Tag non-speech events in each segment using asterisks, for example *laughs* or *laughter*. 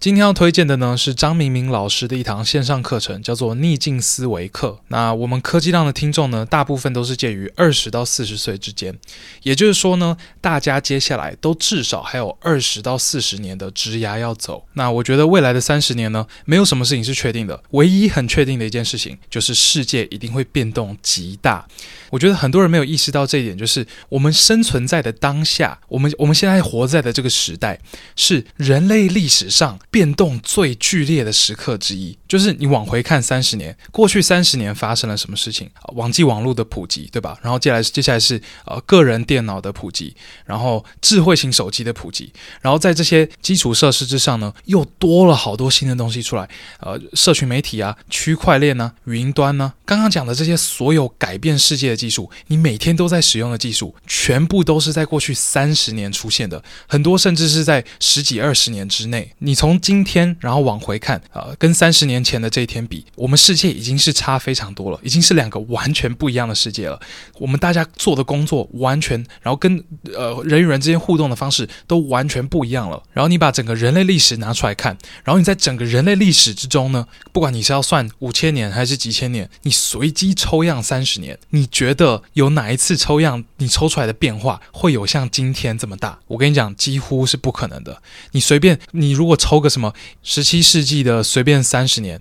今天要推薦的呢，是張明明老師的一堂線上課程，叫做《逆境思維課》。那我們科技浪的聽眾呢，大部分都是介於二十到四十歲之間，也就是說呢，大家接下來都至少還有二十到四十年的職涯要走。那我覺得未來的三十年呢，沒有什麼事情是確定的，唯一很確定的一件事情就是世界一定會變動極大。我覺得很多人沒有意識到這一點，就是我們生存在的當下，我們我們現在活在的這個時代，是人類歷史上。變動最劇烈的時刻之一，就是你往回看三十年，過去三十年發生了什麼事情？啊、網際網絡的普及，對吧？然後接下來是接下來是呃個人電腦的普及，然後智慧型手機的普及，然後在這些基礎設施之上呢，又多了好多新的東西出來，呃，社群媒體啊，區塊鏈呢，雲端呢、啊，剛剛講的這些所有改變世界的技術，你每天都在使用的技術，全部都是在過去三十年出現的，很多甚至是在十幾二十年之內，你從今天，然後往回看，呃，跟三十年前的這一天比，我們世界已經是差非常多了，已經是兩個完全不一樣的世界了。我們大家做的工作完全，然後跟呃人與人之間互動的方式都完全不一樣了。然後你把整個人類歷史拿出來看，然後你在整個人類歷史之中呢，不管你是要算五千年還是幾千年，你隨機抽樣三十年，你覺得有哪一次抽樣你抽出來的變化會有像今天這麼大？我跟你講，幾乎是不可能的。你隨便，你如果抽個。什麼？十七世紀的隨便三十年，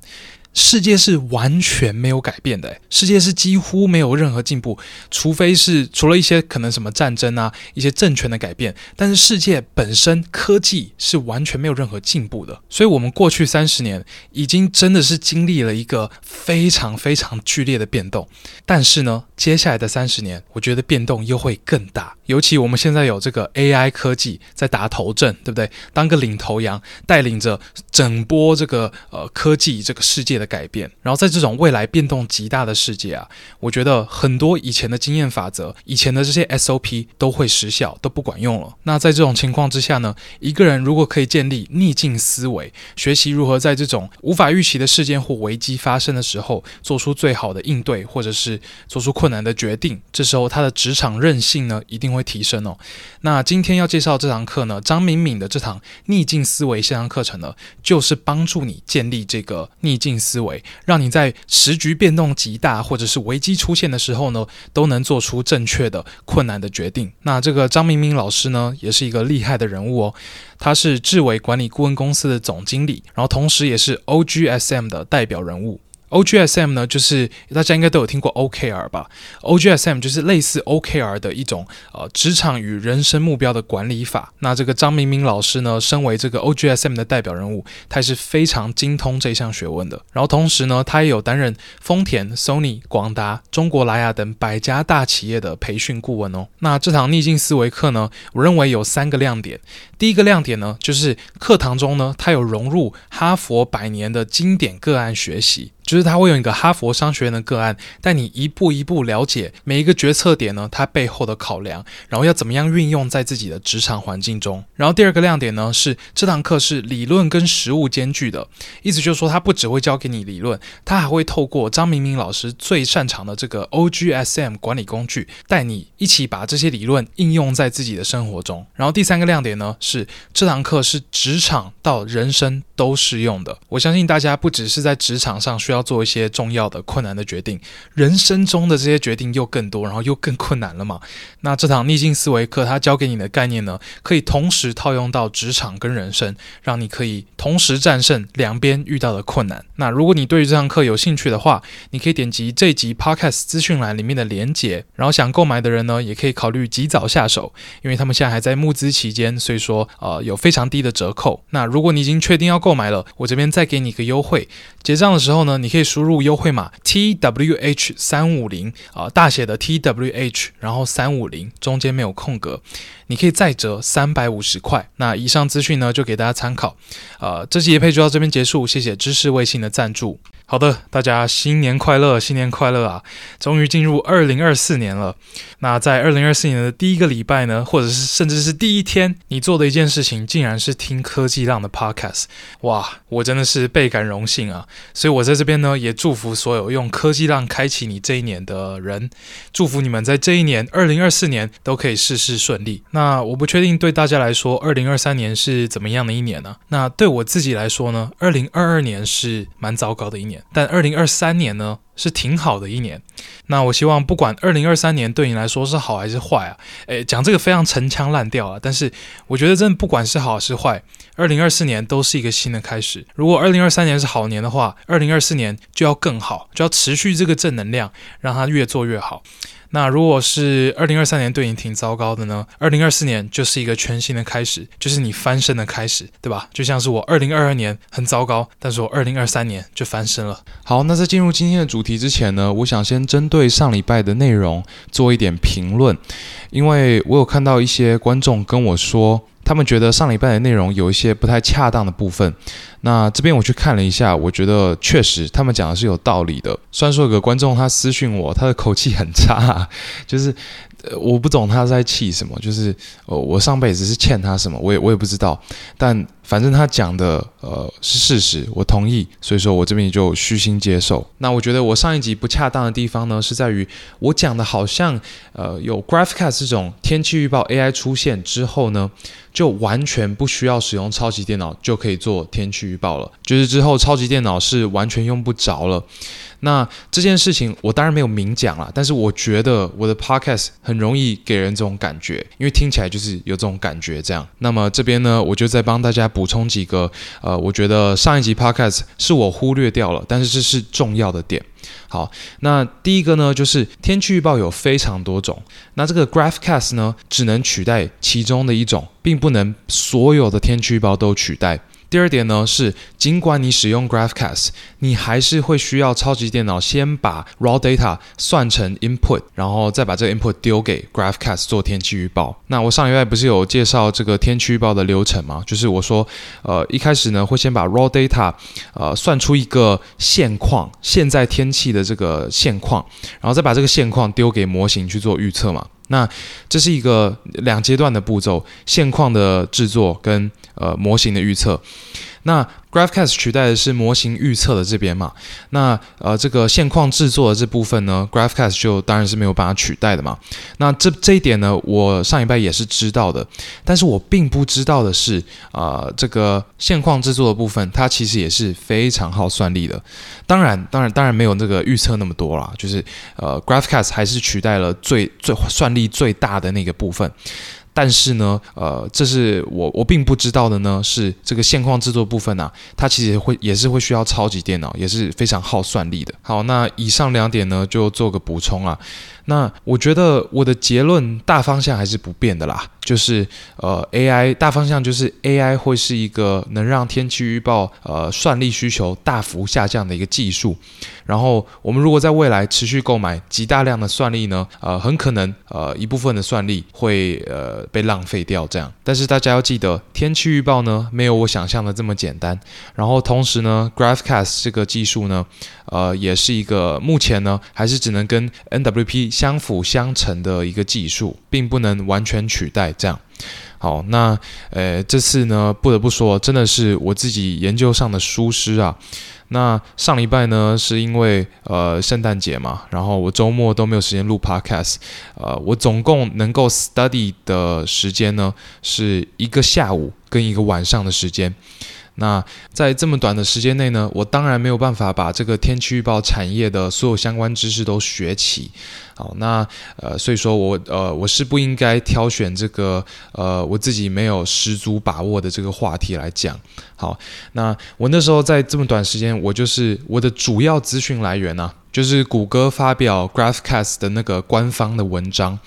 世界是完全沒有改變的，世界是幾乎沒有任何進步，除非是除了一些可能什麼戰爭啊，一些政權的改變。但是世界本身科技是完全沒有任何進步的。所以，我們過去三十年已經真的是經歷了一個非常非常劇烈的變動。但是呢，接下來的三十年，我覺得變動又會更大。尤其我們現在有這個 AI 科技在打頭陣，對不對？當個領頭羊，帶領着整波這個呃科技這個世界的改變。然後在這種未來變動極大的世界啊，我覺得很多以前的經驗法則、以前的這些 SOP 都會失效，都不管用了。那在這種情況之下呢，一個人如果可以建立逆境思維，學習如何在這種無法預期的事件或危機發生的時候，做出最好的應對，或者是做出困難的決定，這時候他的職場韌性呢，一定會。會提升哦。那今天要介紹這堂課呢，張敏敏的這堂逆境思維線上課程呢，就是幫助你建立這個逆境思維，讓你在時局變動極大或者是危機出現的時候呢，都能做出正確的困難的決定。那這個張敏敏老師呢，也是一個厲害的人物哦，他是智偉管理顧問公司的總經理，然後同時也是 OGSM 的代表人物。O G S M 呢，就是大家應該都有聽過 O K R 吧？O G S M 就是類似 O K R 的一種呃職場與人生目標的管理法。那這個張明明老師呢，身為這個 O G S M 的代表人物，他也是非常精通這項學問的。然後同時呢，他也有擔任豐田、Sony、廣達、中國萊雅等百家大企業的培訓顧問哦。那這堂逆境思維課呢，我認為有三個亮點。第一個亮點呢，就是課堂中呢，他有融入哈佛百年的經典個案學習。就是他會用一個哈佛商學院的個案，帶你一步一步了解每一個決策點呢，它背後的考量，然後要怎麼樣運用在自己的職場環境中。然後第二個亮點呢是，這堂課是理論跟實務兼具的，意思就是說他不只會教給你理論，他還會透過張明明老師最擅長的這個 OGSM 管理工具，帶你一起把這些理論應用在自己的生活中。然後第三個亮點呢是，這堂課是職場到人生都適用的。我相信大家不只是在職場上需要。要做一些重要的、困難的決定，人生中的這些決定又更多，然後又更困難了嘛。那這堂逆境思維課，它教給你的概念呢，可以同時套用到職場跟人生，讓你可以同時戰勝兩邊遇到的困難。那如果你對於這堂課有興趣的話，你可以點擊這集 Podcast 資訊欄裡面的連結，然後想購買的人呢，也可以考慮及早下手，因為他們現在還在募資期間，所以說呃有非常低的折扣。那如果你已經確定要購買了，我這邊再給你一個優惠，結賬的時候呢，你。你可以輸入優惠碼 T W H 三五零啊，大寫的 T W H，然後三五零中間沒有空格。你可以再折三百五十塊。那以上資訊呢，就給大家參考啊，呃。這期配置到這邊結束，謝謝知識衛星的贊助。好的，大家新年快樂，新年快樂啊！終於進入二零二四年了。那在二零二四年的第一個禮拜呢，或者是甚至是第一天，你做的一件事情，竟然是聽科技浪的 podcast，哇，我真的是倍感榮幸啊。所以我在這邊。呢，也祝福所有用科技浪開啟你這一年的人，祝福你們在這一年，二零二四年都可以事事順利。那我不確定對大家來說，二零二三年是怎麼樣的一年呢、啊？那對我自己來說呢，二零二二年是蠻糟糕的一年，但二零二三年呢？是挺好的一年，那我希望不管2023年對你來說是好還是壞啊，誒，講這個非常陳腔濫調啊，但是我覺得真的不管是好是壞，2024年都是一個新的開始。如果2023年是好年的話，2024年就要更好，就要持續這個正能量，讓它越做越好。那如果是二零二三年對你挺糟糕的呢？二零二四年就是一個全新的開始，就是你翻身的開始，對吧？就像是我二零二二年很糟糕，但是我二零二三年就翻身了。好，那在進入今天的主題之前呢，我想先針對上禮拜的內容做一點評論，因為我有看到一些觀眾跟我說。他們覺得上禮拜的內容有一些不太恰當的部分，那這邊我去看了一下，我覺得確實他們講的是有道理的。雖然說有個觀眾他私訊我，他的口氣很差，就是我不懂他在氣什麼，就是我上輩子是欠他什麼，我也我也不知道，但。反正他講的呃是事實，我同意，所以說我這邊也就虛心接受。那我覺得我上一集不恰當的地方呢，是在於我講的好像呃有 Graphcast 這種天氣預報 AI 出現之後呢，就完全不需要使用超級電腦就可以做天氣預報了，就是之後超級電腦是完全用不着了。那這件事情我當然沒有明講啦，但是我覺得我的 Podcast 很容易給人這種感覺，因為聽起來就是有這種感覺這樣。那麼這邊呢，我就再幫大家。補充幾個，呃，我覺得上一集 Podcast 是我忽略掉了，但是這是重要的點。好，那第一個呢，就是天氣預報有非常多種，那這個 GraphCast 呢，只能取代其中的一種，並不能所有的天氣預報都取代。第二點呢，是，儘管你使用 GraphCast，你還是會需要超級電腦先把 raw data 算成 input，然後再把這個 input 丟給 GraphCast 做天氣預報。那我上一集不是有介紹這個天氣預報的流程嗎？就是我說，呃，一開始呢會先把 raw data，呃，算出一個現況，現在天氣的這個現況，然後再把這個現況丟給模型去做預測嘛。那這是一個兩階段的步驟，現況的製作跟呃模型的預測。那 GraphCast 取代的是模型預測的這邊嘛。那呃，這個現況制作的這部分呢，GraphCast 就當然是沒有辦法取代的嘛。那這這一點呢，我上禮拜也是知道的，但是我並不知道的是，啊，這個現況制作的部分，它其實也是非常耗算力的。當然，當然，當然沒有那個預測那麼多啦。就是呃，GraphCast 還是取代了最最算力最大的那個部分。但是呢，呃，這是我我並不知道的呢，是這個線框制作部分，啊，它其實會也是會需要超級電腦，也是非常耗算力的。好，那以上兩點呢，就做個補充啊。那我覺得我的結論大方向還是不變的啦，就是呃 AI 大方向就是 AI 會是一個能讓天氣預報呃算力需求大幅下降的一個技術，然後我們如果在未來持續購買極大量的算力呢，呃很可能呃一部分的算力會呃被浪費掉這樣。但是大家要記得天氣預報呢沒有我想象的這麼簡單，然後同時呢 GraphCast 這個技術呢，呃也是一個目前呢還是只能跟 NWP 相輔相成的一個技術，並不能完全取代這樣。好，那呃這次呢，不得不說，真的是我自己研究上的疏失啊。那上禮拜呢，是因為呃聖誕節嘛，然後我週末都沒有時間錄 podcast，呃我總共能夠 study 的時間呢，是一個下午跟一個晚上的時間。那在這麼短的時間內呢，我當然沒有辦法把這個天氣預報產業的所有相關知識都學起，好，那呃，所以說我呃我是不應該挑選這個呃我自己沒有十足把握的這個話題來講，好，那我那時候在這麼短時間，我就是我的主要資訊來源啊。就是谷歌發表 GraphCast 的那個官方的文章，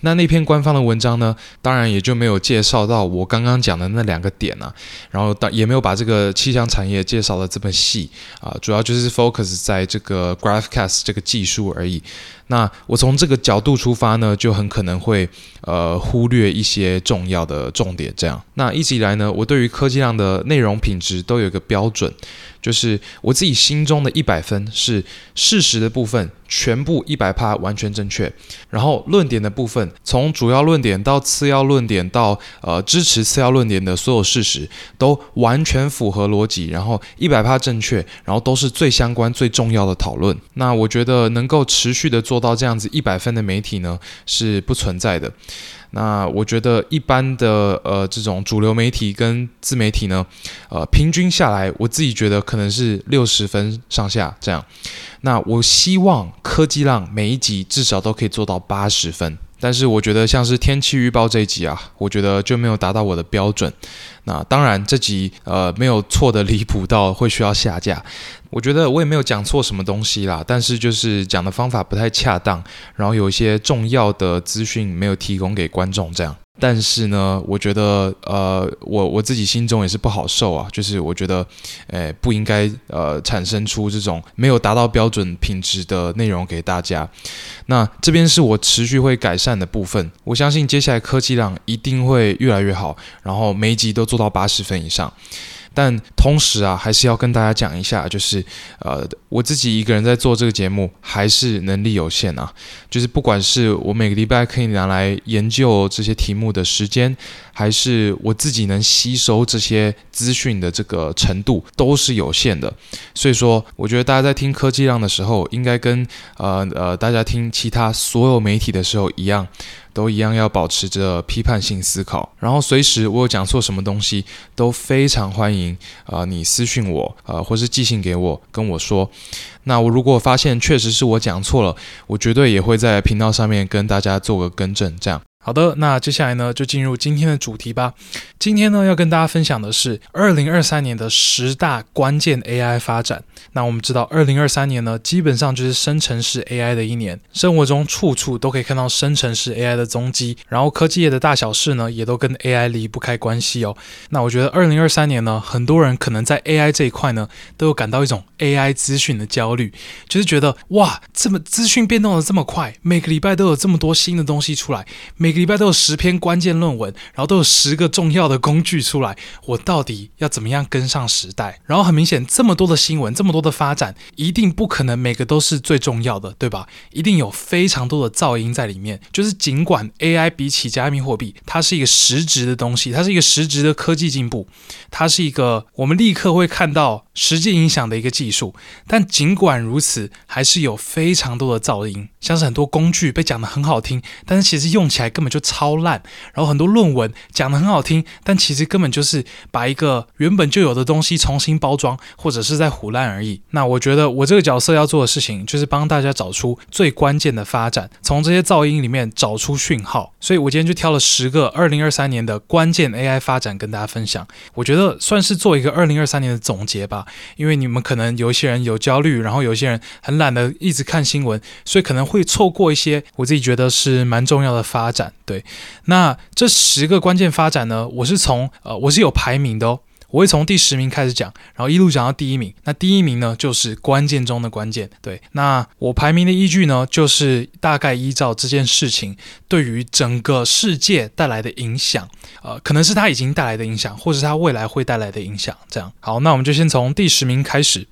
那那篇官方的文章呢，當然也就沒有介紹到我剛剛講的那兩個點啊，然後也沒有把這個氣象產業介紹得這麼細啊，主要就是 focus 在這個 GraphCast 這個技術而已。那我從這個角度出發呢，就很可能會呃忽略一些重要的重點。這樣，那一直以來呢，我對於科技浪的內容品質都有一個標準。就是我自己心中的一百分是事實的部分，全部一百趴完全正確。然後論點的部分，從主要論點到次要論點，到呃支持次要論點的所有事實，都完全符合邏輯。然後一百趴正確，然後都是最相關最重要的討論。那我覺得能夠持續的做到這樣子一百分的媒體呢，是不存在的。那我覺得一般的呃這種主流媒體跟自媒體呢，呃平均下來，我自己覺得可能是六十分上下這樣。那我希望科技浪每一集至少都可以做到八十分。但是我覺得像是天氣預報這一集啊，我覺得就沒有達到我的標準。那當然這集呃沒有錯的離譜到會需要下架，我覺得我也沒有講錯什麼東西啦。但是就是講的方法不太恰當，然後有一些重要的資訊沒有提供給觀眾，這樣。但是呢，我覺得呃，我我自己心中也是不好受啊。就是我覺得，誒，不應該呃產生出這種沒有達到標準品質的內容給大家。那這邊是我持續會改善的部分，我相信接下來科技浪一定會越來越好，然後每一集都做到八十分以上。但同時啊，還是要跟大家講一下，就是呃，我自己一個人在做這個節目，還是能力有限啊。就是不管是我每個禮拜可以拿來研究這些題目的時間，還是我自己能吸收這些資訊的這個程度，都是有限的。所以說，我覺得大家在聽科技浪的時候，應該跟呃呃大家聽其他所有媒體的時候一樣。都一樣，要保持着批判性思考。然後，隨時我有講錯什麼東西，都非常歡迎啊、呃，你私訊我，呃，或是寄信給我，跟我說。那我如果發現確實是我講錯了，我絕對也會在頻道上面跟大家做個更正，這樣。好的，那接下來呢，就進入今天的主題吧。今天呢，要跟大家分享的是二零二三年的十大關鍵 AI 發展。那我們知道，二零二三年呢，基本上就是生成式 AI 的一年。生活中處處都可以看到生成式 AI 的蹤跡，然後科技業的大小事呢，也都跟 AI 離不開關係哦。那我覺得，二零二三年呢，很多人可能在 AI 這一塊呢，都有感到一種 AI 資訊的焦慮，就是覺得哇，這麼資訊變動得這麼快，每個禮拜都有這麼多新的東西出來，每個禮拜都有十篇關鍵論文，然後都有十個重要的工具出來，我到底要怎麼樣跟上時代？然後很明顯，這麼多的新聞，這麼多的發展，一定不可能每個都是最重要的，對吧？一定有非常多的噪音在裡面。就是盡管 AI 比起加密貨幣，它是一個實質的東西，它是一個實質的科技進步，它是一個我們立刻會看到實際影響的一個技術。但盡管如此，還是有非常多的噪音，像是很多工具被講得很好聽，但是其實用起來根本。就超爛，然後很多論文講得很好聽，但其實根本就是把一個原本就有的東西重新包裝，或者是在唬爛而已。那我覺得我這個角色要做的事情，就是幫大家找出最關鍵的發展，從這些噪音裡面找出訊號。所以我今天就挑了十個二零二三年的關鍵 AI 發展跟大家分享。我覺得算是做一個二零二三年的總結吧，因為你們可能有些人有焦慮，然後有些人很懶得一直看新聞，所以可能會錯過一些我自己覺得是蠻重要的發展。對，那這十個關鍵發展呢，我是從呃，我是有排名的哦，我會從第十名開始講，然後一路講到第一名。那第一名呢，就是關鍵中的關鍵。對，那我排名的依據呢，就是大概依照這件事情對於整個世界帶來的影響，呃，可能是它已經帶來的影響，或是它未來會帶來的影響。這樣，好，那我們就先從第十名開始。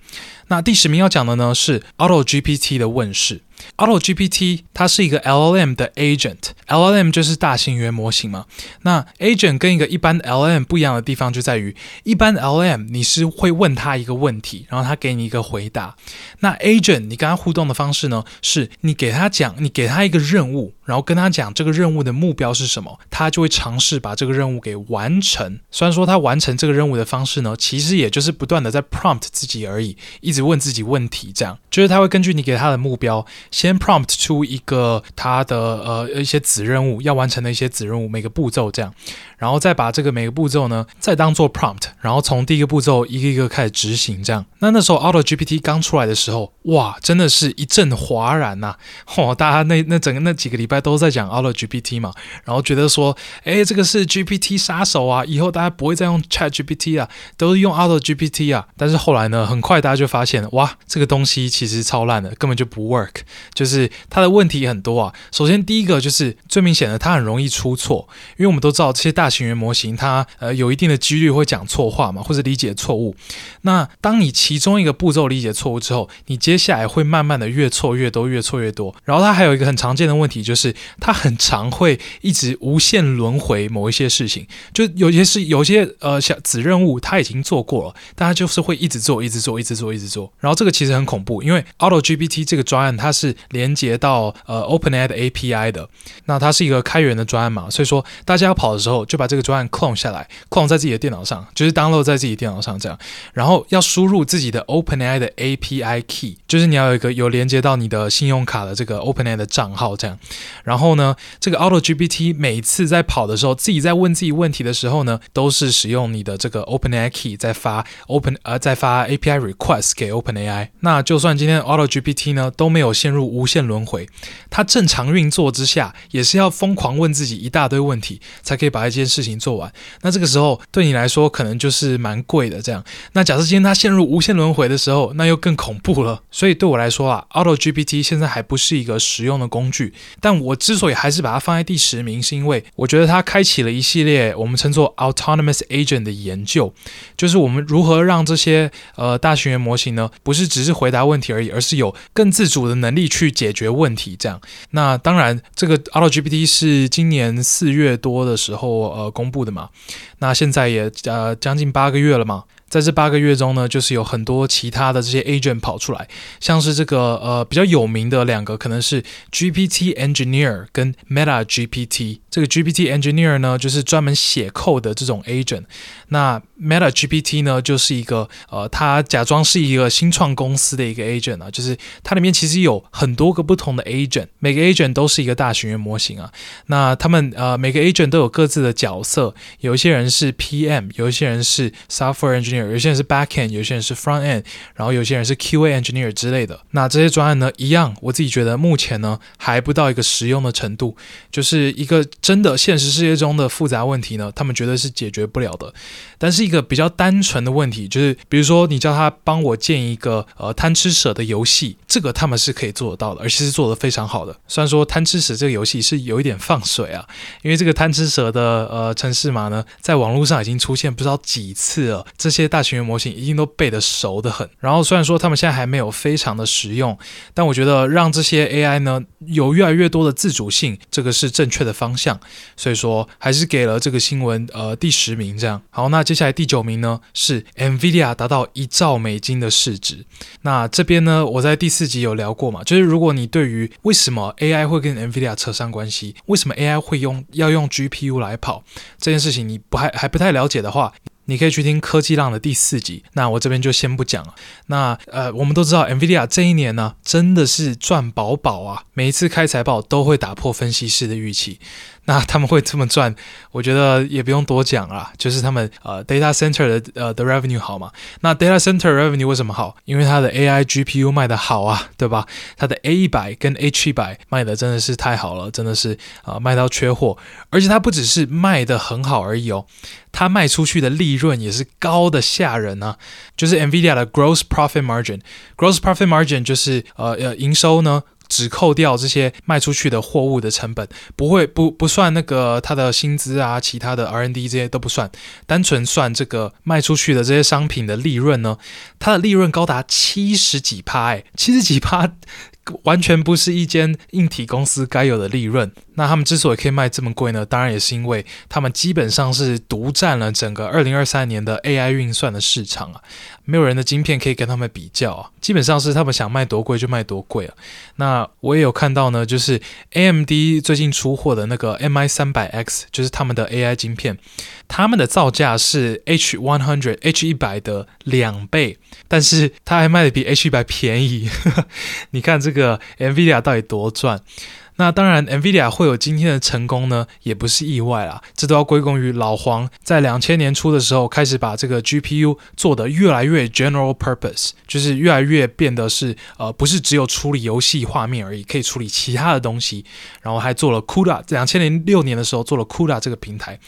那第十名要講的呢，是 Auto GPT 的問世。Auto GPT 它是一個 LLM 的 agent，LLM 就是大型語言模型嘛。那 agent 跟一個一般的 LLM 不一樣的地方就在於，一般 LLM 你是會問他一個問題，然後他給你一個回答。那 agent 你跟他互動的方式呢，是你給他講，你給他一個任務，然後跟他講這個任務的目標是什麼，他就會嘗試把這個任務給完成。雖然說他完成這個任務的方式呢，其實也就是不斷地在 prompt 自己而已，一直問自己問題，這樣就是他會根據你給他的目標。先 prompt 出一個它的呃一些子任務要完成的一些子任務，每個步驟這樣。然後再把這個每個步驟呢，再當做 prompt，然後從第一個步驟一個一個開始執行，這樣。那那時候 Auto GPT 剛出來的時候，哇，真的是一陣譁然吶！嚯，大家那那整個那幾個禮拜都在講 Auto GPT 嘛，然後覺得說，哎，這個是 GPT 殺手啊，以後大家不會再用 Chat GPT 啊，都是用 Auto GPT 啊。但是後來呢，很快大家就發現，哇，這個東西其實超爛的，根本就不 work，就是它的問題很多啊。首先第一個就是最明顯的，它很容易出錯，因為我們都知道這些大。語言模型它呃有一定的幾率會講錯話嘛，或者理解錯誤。那當你其中一個步驟理解錯誤之後，你接下來會慢慢的越錯越多，越錯越多。然後它還有一個很常見的問題，就是它很常會一直無限輪迴某一些事情，就有些是有些呃小子任務它已經做過了，但它就是會一直做，一直做，一直做，一直做，一直做。然後這個其實很恐怖，因為 Auto GPT 這個專案它是連接到呃 OpenAI 的 API 的，那它是一個開源的專案嘛，所以說大家要跑的時候就。就把這個專案 clone 下來，clone 在自己的電腦上，就是 download 在自己的電腦上這樣。然後要輸入自己的 OpenAI 的 API key，就是你要有一個有連接到你的信用卡的這個 OpenAI 的賬號這樣。然後呢，這個 AutoGPT 每次在跑的時候，自己在問自己問題的時候呢，都是使用你的這個 OpenAI key 在發 Open，呃，在發 API request 給 OpenAI。那就算今天 AutoGPT 呢，都沒有陷入無限輪迴，它正常運作之下，也是要瘋狂問自己一大堆問題，才可以把一些事情做完，那這個時候對你來說可能就是蠻貴的。這樣，那假設今天它陷入無限輪回的時候，那又更恐怖了。所以對我來說啊，Auto GPT 現在還不是一個實用的工具。但我之所以還是把它放在第十名，是因為我覺得它開啟了一系列我們稱作 “Autonomous Agent” 的研究，就是我們如何讓這些呃大型語言模型呢，不是只是回答問題而已，而是有更自主的能力去解決問題。這樣，那當然這個 Auto GPT 是今年四月多的時候。呃，公布的嘛，那現在也，呃，將近八個月了嘛。在這八個月中呢，就是有很多其他的這些 agent 跑出來，像是這個呃比較有名的兩個，可能是 GPT Engineer 跟 Meta GPT。這個 GPT Engineer 呢，就是專門寫 code 的這種 agent。那 Meta GPT 呢，就是一個呃它假裝是一個新創公司的一個 agent 啊，就是它裡面其實有很多個不同的 agent，每個 agent 都是一個大型語言模型啊。那他們呃每個 agent 都有各自的角色，有一些人是 PM，有一些人是 software engineer。有些人是 back end，有些人是 front end，然後有些人是 QA engineer 之類的。那這些專案呢，一樣，我自己覺得目前呢還不到一個實用的程度，就是一個真的現實世界中的複雜問題呢，他們絕對是解決不了的。但是一個比較單純的問題，就是比如說你叫他幫我建一個呃貪吃蛇的遊戲，這個他們是可以做得到的，而且是做得非常好的。雖然說貪吃蛇這個遊戲是有一點放水啊，因為這個貪吃蛇的呃程式嘛呢，在網絡上已經出現不知道幾次了，這些，大型語言模型一定都背得熟得很，然後雖然說他們現在還沒有非常的實用，但我覺得讓這些 AI 呢有越來越多的自主性，這個是正確的方向，所以說還是給了這個新聞呃第十名這樣。好，那接下來第九名呢是 NVIDIA 達到一兆美金的市值。那這邊呢我在第四集有聊過嘛，就是如果你對於為什麼 AI 會跟 NVIDIA 扯上關係，為什麼 AI 會用要用 GPU 來跑這件事情你不還還不太了解的話。你可以去聽《科技浪》的第四集，那我這邊就先不講了。那呃，我們都知道，NVIDIA 這一年呢、啊，真的是賺飽飽啊，每一次開財報都會打破分析師的預期。那他們會這麼賺，我覺得也不用多講啊，就是他們呃 data center 的呃的 revenue 好嘛。那 data center revenue 為什麼好？因為它的 AI GPU 賣得好啊，對吧？它的 A100 跟 H100 賣得真的是太好了，真的是啊、呃、賣到缺貨。而且它不只是賣得很好而已哦，它賣出去的利潤也是高的嚇人啊。就是 NVIDIA 的 gross profit margin，gross profit margin 就是呃呃營收呢。只扣掉這些賣出去的貨物的成本，不會不不算那個他的薪資啊，其他的 R&D 這些都不算，單純算這個賣出去的這些商品的利潤呢，它的利潤高達七十幾趴，哎，七十幾趴。完全不是一間硬體公司該有的利潤。那他們之所以可以賣這麼貴呢？當然也是因為他們基本上是獨占了整個二零二三年的 AI 運算的市場啊，沒有人的晶片可以跟他們比較啊。基本上是他們想賣多貴就賣多貴啊。那我也有看到呢，就是 AMD 最近出貨的那個 MI300X，就是他們的 AI 晶片，他們的造價是 H100 H100 的兩倍，但是他還賣的比 H100 便宜，呵呵。你看這個。這個 NVIDIA 到底多賺？那當然，NVIDIA 會有今天的成功呢，也不是意外啦。這都要歸功於老黃在兩千年初的時候開始把這個 GPU 做得越來越 general purpose，就是越來越變得是呃，不是只有處理遊戲畫面而已，可以處理其他的東西。然後還做了 CUDA，兩千零六年的時候做了 CUDA 這個平台。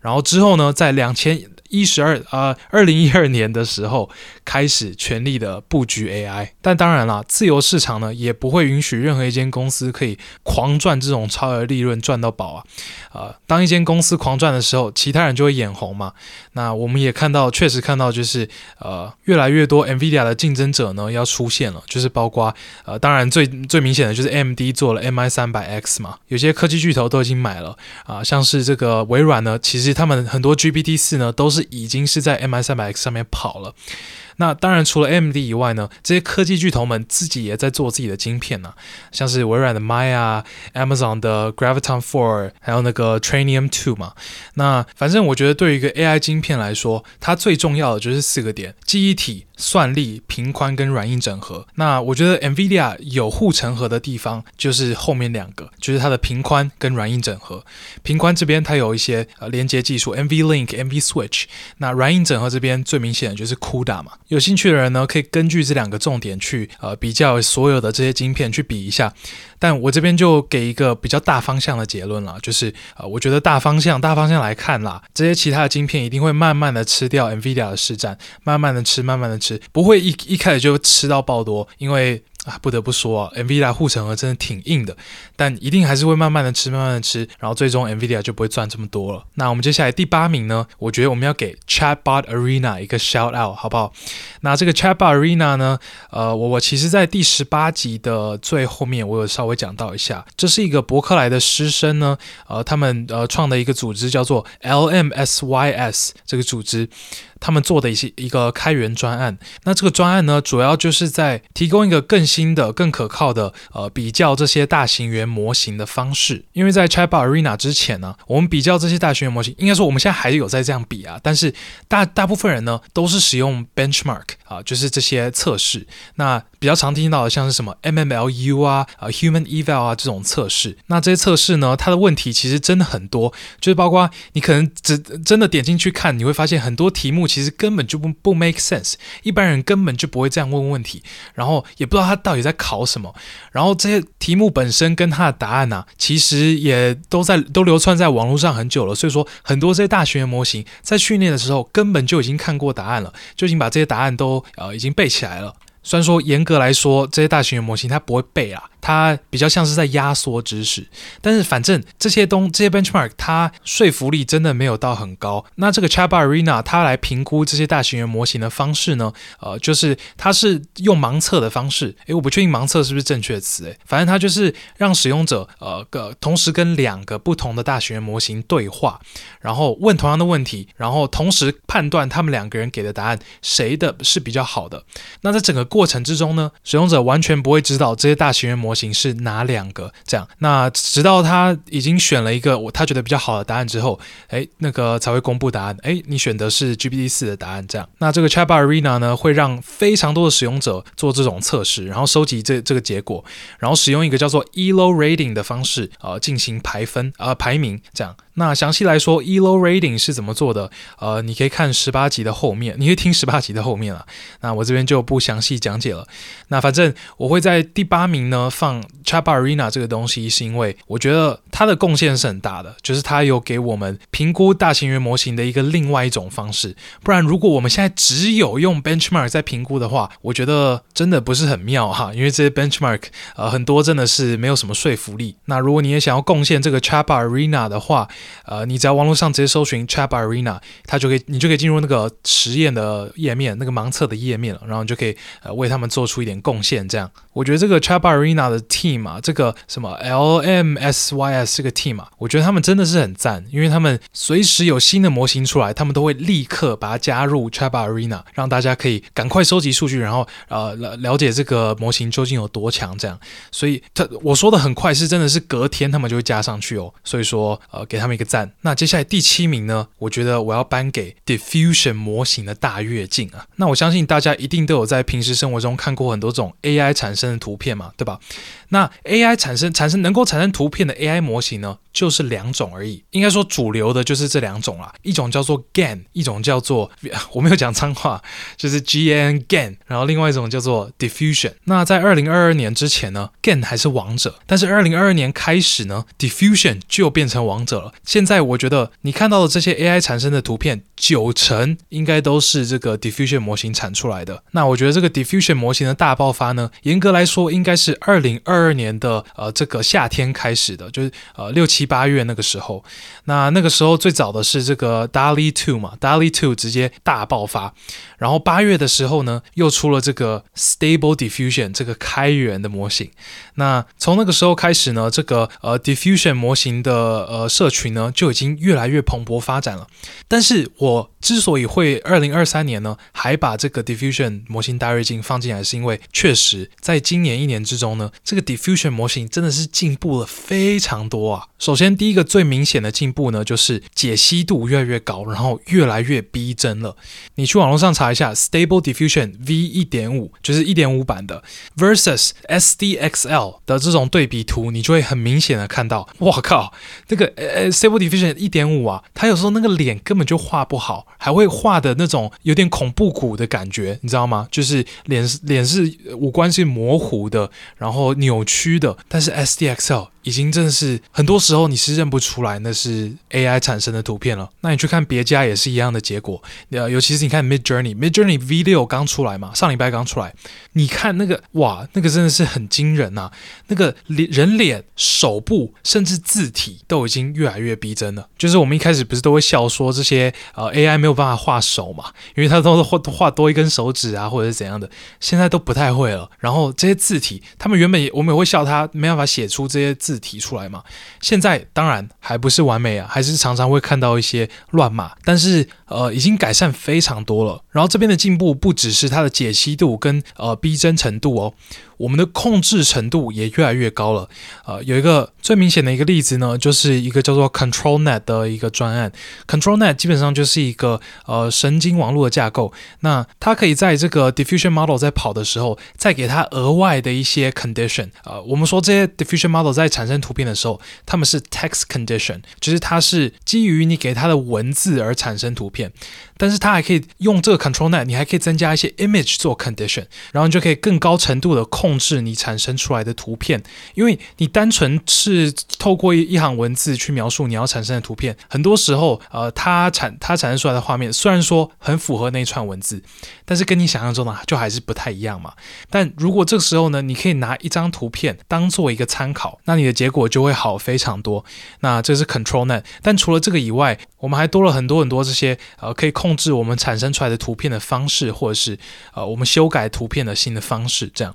然後之後呢，在兩千一十二啊，二零一二年的時候開始全力的布局 AI，但當然啦，自由市場呢也不會允許任何一間公司可以狂賺這種超額利潤賺到飽啊、呃，當一間公司狂賺的時候，其他人就會眼紅嘛。那我們也看到，確實看到就是呃，越來越多 NVIDIA 的競爭者呢要出現了，就是包括呃，當然最最明顯的就是 AMD 做了 MI300X 嘛，有些科技巨頭都已經買了啊、呃，像是這個微軟呢，其實他們很多 GPT 四呢都是。已經是在 MI300X 上面跑了。那當然，除了 AMD 以外呢，這些科技巨頭們自己也在做自己的晶片呢，啊，像是微軟的 Maya，Amazon 的 Graviton Four，還有那個 Trainium Two 嘛。那反正我覺得，對於一個 AI 晶片來說，它最重要的就是四個點：記憶體。算力、頻寬跟軟硬整合，那我覺得 Nvidia 有護城河的地方就是後面兩個，就是它的頻寬跟軟硬整合。頻寬這邊它有一些呃連接技術，NV Link、NV Switch。那軟硬整合這邊最明顯的就是 CUDA 嘛。有興趣的人呢，可以根據這兩個重點去呃比較所有的這些晶片去比一下。但我這邊就給一個比較大方向的結論啦，就是呃我覺得大方向大方向來看啦，這些其他的晶片一定會慢慢的吃掉 Nvidia 的市占，慢慢的吃，慢慢的吃。不會一一開始就吃到爆多，因為啊，不得不說啊，NVIDIA 護城河真的挺硬的，但一定還是會慢慢的吃，慢慢的吃，然後最終 NVIDIA 就不會賺這麼多了。那我們接下來第八名呢，我覺得我們要給 Chatbot Arena 一個 shout out, 好不好？那這個 Chatbot Arena 呢，呃，我我其實在第十八集的最後面，我有稍微講到一下，這是一個伯克萊的師生呢，呃，他們呃創的一個組織叫做 LMSYS 這個組織。他們做的一些一個開源專案，那這個專案呢，主要就是在提供一個更新的、更可靠的呃比較這些大型語言模型的方式。因為在 Chatbot Arena 之前呢、啊，我們比較這些大型語言模型，應該說我們現在還有在這樣比啊，但是大大部分人呢都是使用 Benchmark。啊，就是這些測試。那比較常聽到的，像是什麼 MMLU 啊、啊 Human Eval 啊這種測試。那這些測試呢，它的問題其實真的很多，就是包括你可能只真的點進去看，你會發現很多題目其實根本就不不 make sense，一般人根本就不會這樣問問題。然後也不知道他到底在考什麼。然後這些題目本身跟他的答案吶、啊，其實也都在都流傳在網絡上很久了，所以說很多這些大型模型在訓練的時候，根本就已經看過答案了，就已經把這些答案都。呃，已經背起來了。雖然說嚴格來說，這些大型語言模型它不會背啊。它比較像是在壓縮知識，但是反正這些東這些 benchmark 它說服力真的沒有到很高。那這個 Chatbot Arena 它來評估這些大型語言模型的方式呢？呃，就是它是用盲測的方式，誒、欸，我不確定盲測是不是正確詞，誒，反正它就是讓使用者呃個同時跟兩個不同的大型語言模型對話，然後問同樣的問題，然後同時判斷他們兩個人給的答案誰的是比較好的。那在整個過程之中呢，使用者完全不會知道這些大型語言模模型是哪兩個？這樣，那直到他已經選了一個我他覺得比較好的答案之後，哎，那個才會公布答案。哎，你選的是 GPT 四的答案，這樣。那這個 Chatbot Arena 呢，會讓非常多的使用者做這種測試，然後收集這這個結果，然後使用一個叫做 Elo Rating 的方式啊、呃、進行排分啊、呃、排名，這樣。那詳細來說，Elo Rating 是怎麼做的？呃，你可以看十八集的後面，你可以聽十八集的後面了。那我這邊就不詳細講解了。那反正我會在第八名呢放 Chatbot Arena 這個東西，是因為我覺得它的貢獻是很大的，就是它有給我們評估大型語言模型的一個另外一種方式。不然，如果我們現在只有用 benchmark 在評估的話，我覺得真的不是很妙哈，因為這些 benchmark 呃很多真的是沒有什麼說服力。那如果你也想要貢獻這個 Chatbot Arena 的話，呃，你只要網絡上直接搜尋 Chat Arena，它就可以，你就可以進入那個實驗的頁面，那個盲測的頁面了。然後你就可以呃為他們做出一點貢獻。這樣，我覺得這個 Chat Arena 的 team 啊，這個什麼 LMSYS 這個 team 啊，我覺得他們真的是很讚，因為他們隨時有新的模型出來，他們都會立刻把它加入 Chat Arena，讓大家可以趕快收集數據，然後呃了了解這個模型究竟有多強。這樣，所以他我說的很快是真的是隔天他們就會加上去哦。所以說呃給他們。一個贊。那接下來第七名呢？我覺得我要頒給 Diffusion 模型的大躍進啊！那我相信大家一定都有在平時生活中看過很多種 AI 產生的圖片嘛，對吧？那 AI 產生產生能夠產生圖片的 AI 模型呢，就是兩種而已。應該說主流的就是這兩種啦、啊，一種叫做 GAN，一種叫做我沒有講髒話，就是 G N GAN。然後另外一種叫做 Diffusion。那在2022年之前呢，GAN 還是王者，但是2022年開始呢，Diffusion 就變成王者了。現在我覺得你看到的這些 AI 產生的圖片，九成應該都是這個 Diffusion 模型產出來的。那我覺得這個 Diffusion 模型的大爆發呢，嚴格來說，應該是二零二二年的呃這個夏天開始的，就是呃六七八月那個時候。那那個時候最早的是這個 DALL-E 2嘛，DALL-E 2直接大爆發。然後八月的時候呢，又出了這個 Stable Diffusion 這個開源的模型。那從那個時候開始呢，這個呃 Diffusion 模型的呃社群，呢，就已經越來越蓬勃發展了，但是我之所以會二零二三年呢，還把這個 diffusion 模型大躍進放進來，是因為確實在今年一年之中呢，這個 diffusion 模型真的是進步了非常多啊。首先第一個最明顯的進步呢，就是解析度越來越高，然後越來越逼真了。你去網絡上查一下 Stable Diffusion v 一點五，就是一點五版的 versus SDXL 的這種對比圖，你就會很明顯的看到，哇靠，那個呃呃 Stable Diffusion 一點五啊，它有時候那個臉根本就畫不好。還會畫的那種有點恐怖谷的感覺，你知道嗎？就是臉是臉是五官是模糊的，然後扭曲的，但是 SDXL 已經真的是很多時候你是認不出來那是 AI 產生的圖片了。那你去看別家也是一樣的結果。呃，尤其是你看 Mid Journey，Mid Journey V 六剛出來嘛，上禮拜剛出來，你看那個哇，那個真的是很驚人吶！那個臉、人臉、手部，甚至字體都已經越來越逼真了。就是我們一開始不是都會笑說這些呃 AI 沒有辦法畫手嘛，因為他都是畫、畫多一根手指啊，或者是怎樣的，現在都不太會了。然後這些字體，他們原本也我們也會笑他沒辦法寫出這些字體。提出來嘛，現在當然還不是完美啊，還是常常會看到一些亂碼。但是呃已經改善非常多了。然後這邊的進步不只是它的解析度跟呃逼真程度哦。我們的控制程度也越來越高了，呃，有一個最明顯的一個例子呢，就是一個叫做 ControlNet 的一個專案。ControlNet 基本上就是一個呃神經網絡的架構，那它可以在這個 Diffusion Model 在跑的時候，再給它額外的一些 condition。呃，我們說這些 Diffusion Model 在產生圖片的時候，它們是 text condition，就是它是基於你給它的文字而產生圖片。但是它還可以用這個 ControlNet，你還可以增加一些 Image 做 Condition，然後你就可以更高程度的控制你產生出來的圖片。因為你單純是透過一一行文字去描述你要產生的圖片，很多時候，呃，它產它產生出來的畫面雖然說很符合那一串文字，但是跟你想象中的就還是不太一樣嘛。但如果這個時候呢，你可以拿一張圖片當做一個參考，那你的結果就會好非常多。那這是 ControlNet，但除了這個以外，我們還多了很多很多這些呃，可以控制我們產生出來的圖片的方式，或者是呃，我們修改圖片的新的方式。這樣，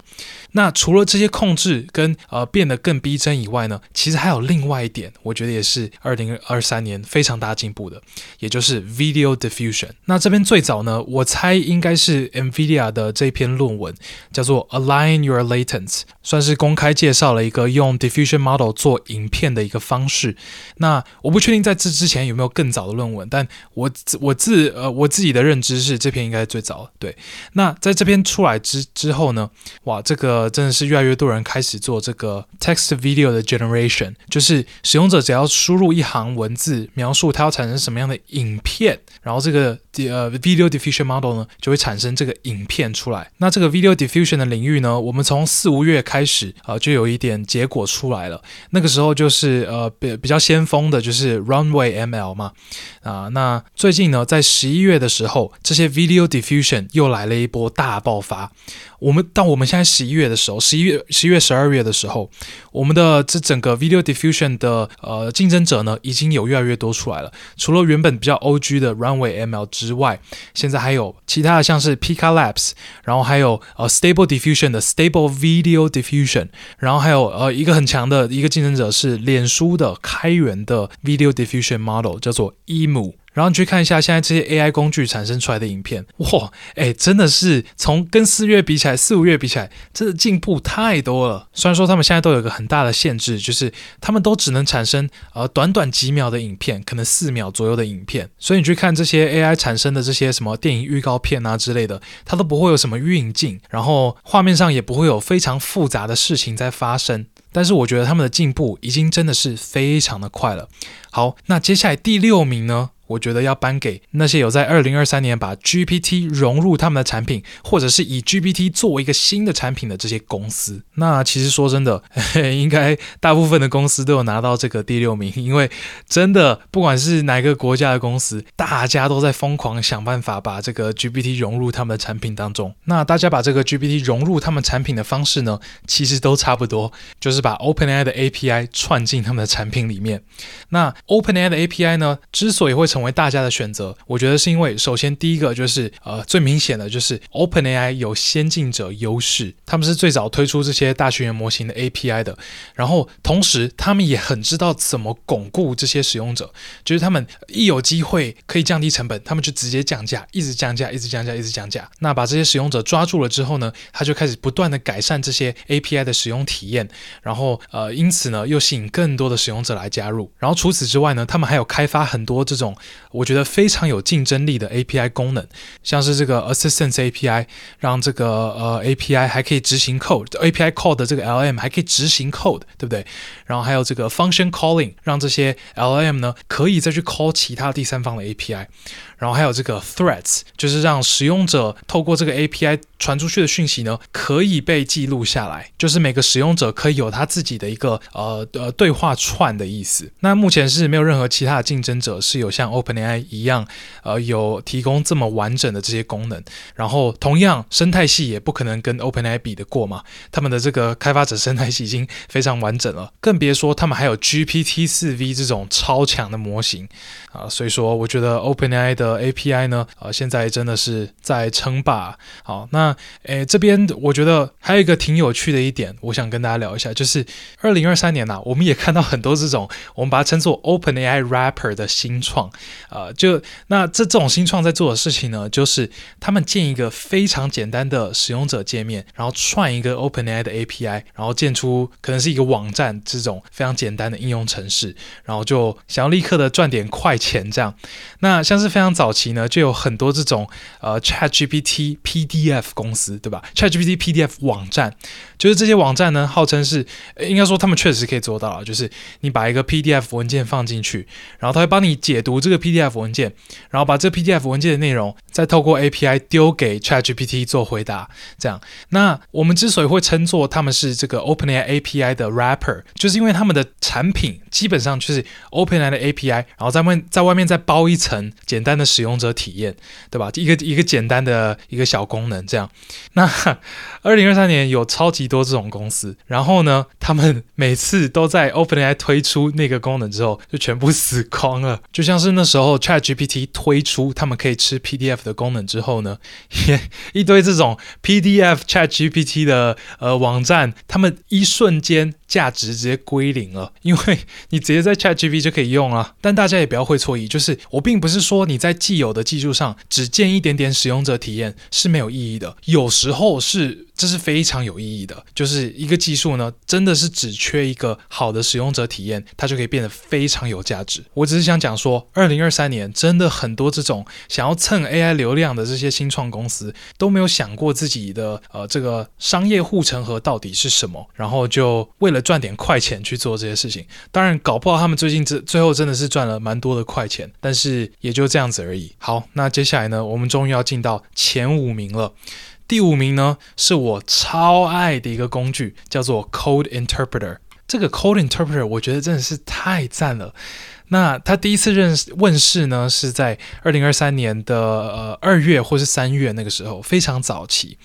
那除了這些控制跟呃變得更逼真以外呢，其實還有另外一點，我覺得也是二零二三年非常大進步的，也就是 video diffusion。那這邊最早呢，我猜應該是 NVIDIA 的這篇論文叫做 Align Your Latents，算是公開介紹了一個用 diffusion model 做影片的一個方式。那我不確定在這之前有沒有更。早的論文，但我我自呃我自己的認知是這篇應該是最早的。對，那在這篇出來之之後呢，哇，這個真的是越來越多人開始做這個 text video 的 generation，就是使用者只要輸入一行文字描述它要產生什麼樣的影片，然後這個。呃、uh，Video Diffusion Model 呢，就會產生這個影片出來。那這個 Video Diffusion 的領域呢，我們從四五月開始啊、呃，就有一點結果出來了。那個時候就是呃，比比較先鋒的就是 Runway ML 嘛，啊、呃，那最近呢，在十一月的時候，這些 Video Diffusion 又來了一波大爆發。我們到我們現在十一月的時候，十一月、十一月、十二月的時候，我們的這整個 Video Diffusion 的呃競爭者呢，已經有越來越多出來了。除了原本比較 OG 的 Runway ML 之外，現在還有其他的像是 Pika Labs，然後還有呃 Stable Diffusion 的 Stable Video Diffusion，然後還有呃一個很強的一個競爭者是臉書的開源的 Video Diffusion Model，叫做 Emu。然後你去看一下現在這些 AI 工具產生出來的影片，哇，哎、欸，真的是從跟四月比起來，四五月比起來，真的進步太多了。雖然說他們現在都有一個很大的限制，就是他們都只能產生呃短短幾秒的影片，可能四秒左右的影片。所以你去看這些 AI 產生的這些什麼電影預告片啊之類的，它都不會有什麼運鏡，然後畫面上也不會有非常複雜的事情在發生。但是我覺得他們的進步已經真的是非常的快了。好，那接下來第六名呢？我覺得要頒給那些有在二零二三年把 GPT 融入他們的產品，或者是以 GPT 作為一個新的產品的這些公司。那其實說真的，嘿嘿，應該大部分的公司都有拿到這個第六名，因為真的不管是哪個國家的公司，大家都在瘋狂想辦法把這個 GPT 融入他們的產品當中。那大家把這個 GPT 融入他們產品的方式呢，其實都差不多，就是把 OpenAI 的 API 串進他們的產品裡面。那 OpenAI 的 API 呢，之所以會成成為大家的選擇，我覺得是因為首先第一個就是呃，最明顯的就是 OpenAI 有先進者優勢，他們是最早推出這些大語言模型的 API 的，然後同時他們也很知道怎麼鞏固這些使用者，就是他們一有機會可以降低成本，他們就直接降價，一直降價，一直降價，一直降價，一直降價，那把這些使用者抓住了之後呢，他就開始不斷地改善這些 API 的使用體驗，然後呃，因此呢又吸引更多的使用者來加入，然後除此之外呢，他們還有開發很多這種。我覺得非常有競爭力的 API 功能，像是這個 Assistance API，讓這個呃 API 還可以執行 code，API call 的這個 LM 還可以執行 code，對不對？然後還有這個 Function Calling，讓這些 LM 呢可以再去 call 其他第三方的 API，然後還有這個 Threads，就是讓使用者透過這個 API，傳出去的訊息呢，可以被記錄下來，就是每個使用者可以有他自己的一個呃呃對話串的意思。那目前是沒有任何其他的競爭者是有像 OpenAI 一樣，呃，有提供這麼完整的這些功能。然後同樣生態系也不可能跟 OpenAI 比得過嘛，他們的這個開發者生態系已經非常完整了，更別說他們還有 GPT 4V 這種超強的模型啊，呃。所以說，我覺得 OpenAI 的 API 呢，呃，現在真的是在稱霸。好，那。那誒，這邊我覺得還有一個挺有趣的一點，我想跟大家聊一下，就是二零二三年吶，啊，我們也看到很多這種我們把它稱作 OpenAI Wrapper 的新創，呃，就那這這種新創在做的事情呢，就是他們建一個非常簡單的使用者界面，然後串一個 OpenAI 的 API，然後建出可能是一個網站這種非常簡單的應用程式，然後就想要立刻的賺點快錢這樣。那像是非常早期呢，就有很多這種呃 ChatGPT PDF。公司對吧？ChatGPT PDF 網站，就是這些網站呢，號稱是，呃，應該說他們確實可以做到了，就是你把一個 PDF 文件放進去，然後它會幫你解讀這個 PDF 文件，然後把這 PDF 文件的內容再透過 API 丟給 ChatGPT 做回答，這樣。那我們之所以會稱作他們是這個 OpenAI API 的 Wrapper，就是因為他們的產品基本上就是 OpenAI 的 API，然後在外在外面再包一層簡單的使用者體驗，對吧？一個一個簡單的一個小功能這樣。那二零二三年有超級多這種公司，然後呢，他們每次都在 OpenAI 推出那個功能之後，就全部死光了。就像是那時候 ChatGPT 推出他們可以吃 PDF 的功能之後呢，也一堆這種 PDF ChatGPT 的呃網站，他們一瞬間價值直接歸零了，因為你直接在 ChatGPT 就可以用了。但大家也不要會錯意，就是我並不是說你在既有的技術上只建一點點使用者體驗是沒有意義的。有時候是。這是非常有意義的，就是一個技術呢，真的是只缺一個好的使用者體驗，它就可以變得非常有價值。我只是想講說，二零二三年真的很多這種想要蹭 AI 流量的這些新創公司都沒有想過自己的呃這個商業護城河到底是什麼，然後就為了賺點快錢去做這些事情。當然，搞不好他們最近這最後真的是賺了蠻多的快錢，但是也就這樣子而已。好，那接下來呢，我們終於要進到前五名了。第五名呢，是我超愛的一個工具，叫做 Code Interpreter。這個 Code Interpreter 我覺得真的是太讚了。那它第一次認識問世呢，是在二零二三年的呃二月或是三月那個時候，非常早期。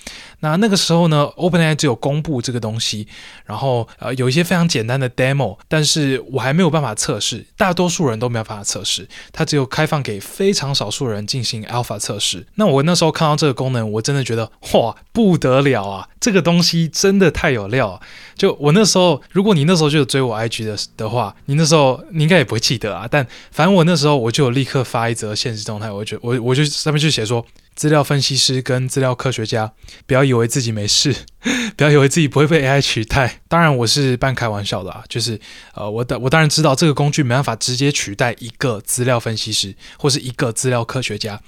那那個時候呢，OpenAI 只有公佈這個東西，然後呃有一些非常簡單的 demo，但是我還沒有辦法測試，大多數人都沒有辦法測試，它只有開放給非常少數人進行 alpha 測試。那我那時候看到這個功能，我真的覺得哇不得了啊，這個東西真的太有料啊。就我那時候，如果你那時候就有追我 IG 的的話，你那時候你應該也不會記得啊。但反正我那時候我就有立刻發一則限時動態，我覺我我就上面就寫說。資料分析師跟資料科學家，不要以為自己沒事， *laughs* 不要以為自己不會被 AI 取代。當然，我是半開玩笑的啊，就是，呃，我當我當然知道這個工具沒辦法直接取代一個資料分析師或是一個資料科學家，